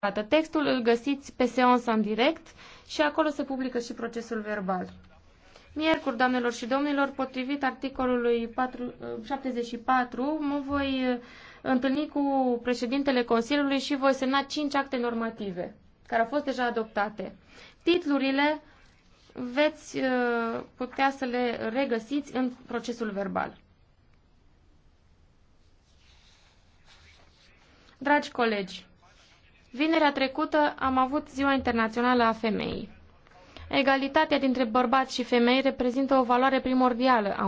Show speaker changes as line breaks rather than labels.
dată. Textul îl găsiți pe seans în direct și acolo se publică și procesul verbal. Miercuri, doamnelor și domnilor, potrivit articolului 4, 74, uh, mă voi uh, întâlni cu președintele Consiliului și voi semna 5 acte normative care au fost deja adoptate. Titlurile veți uh, putea să le regăsiți în procesul verbal. Dragi colegi, Vinerea trecută am avut Ziua Internațională a Femeii. Egalitatea dintre bărbați și femei reprezintă o valoare primordială a